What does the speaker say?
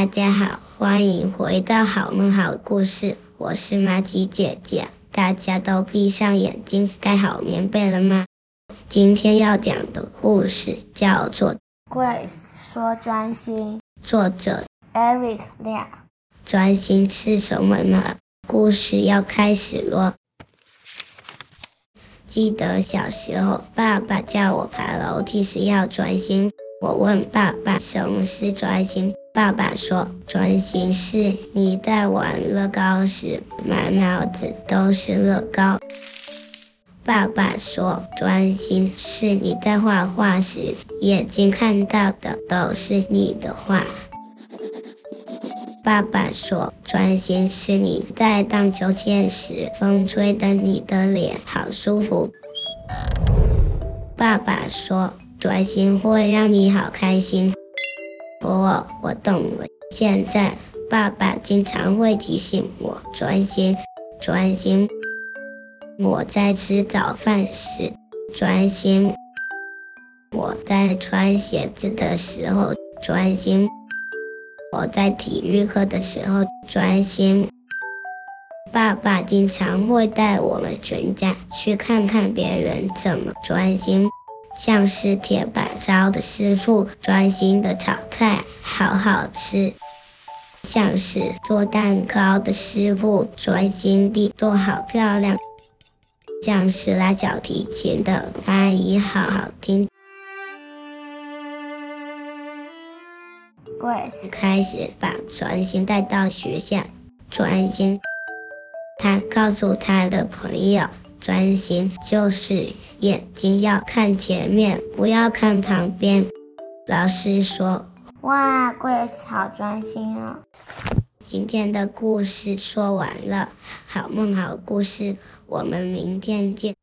大家好，歡迎回到《好夢好故事》，我是瑪吉姐姐。大家都閉上眼睛，蓋好棉被了嗎？今天要講的故事叫做《Grace 說專心》，作者 Eric Liao。專心是什麼呢？故事要開始嘍。記得小時候，爸爸叫我爬樓梯時要專心。我問爸爸：“什麼是專心？”爸爸說：“專心是你在玩樂高時，滿腦子都是樂高。”爸爸說：“專心是你在畫畫時，眼睛看到的都是你的畫。”爸爸說：“專心是你在荡秋千時，風吹得你的臉好舒服。”爸爸說：“專心會讓你好開心。”不，我懂了。現在爸爸經常會提醒我專心，專心。我在吃早飯時專心，我在穿鞋子的時候專心，我在體育課的時候專心。爸爸經常會帶我們全家去看看別人怎麼專心。像是鐵板燒的師傅專心的炒菜，好好吃；像是做蛋糕的師傅專心地做好漂亮；像是拉小提琴的阿姨好好聽。Grace 開始把專心帶到學校，專心。他告訴他的朋友。專心就是眼睛要看前面，不要看旁邊。老師說：“哇，Grace 老師好專心啊、哦！”今天的故事說完了，好夢好故事，我們明天見。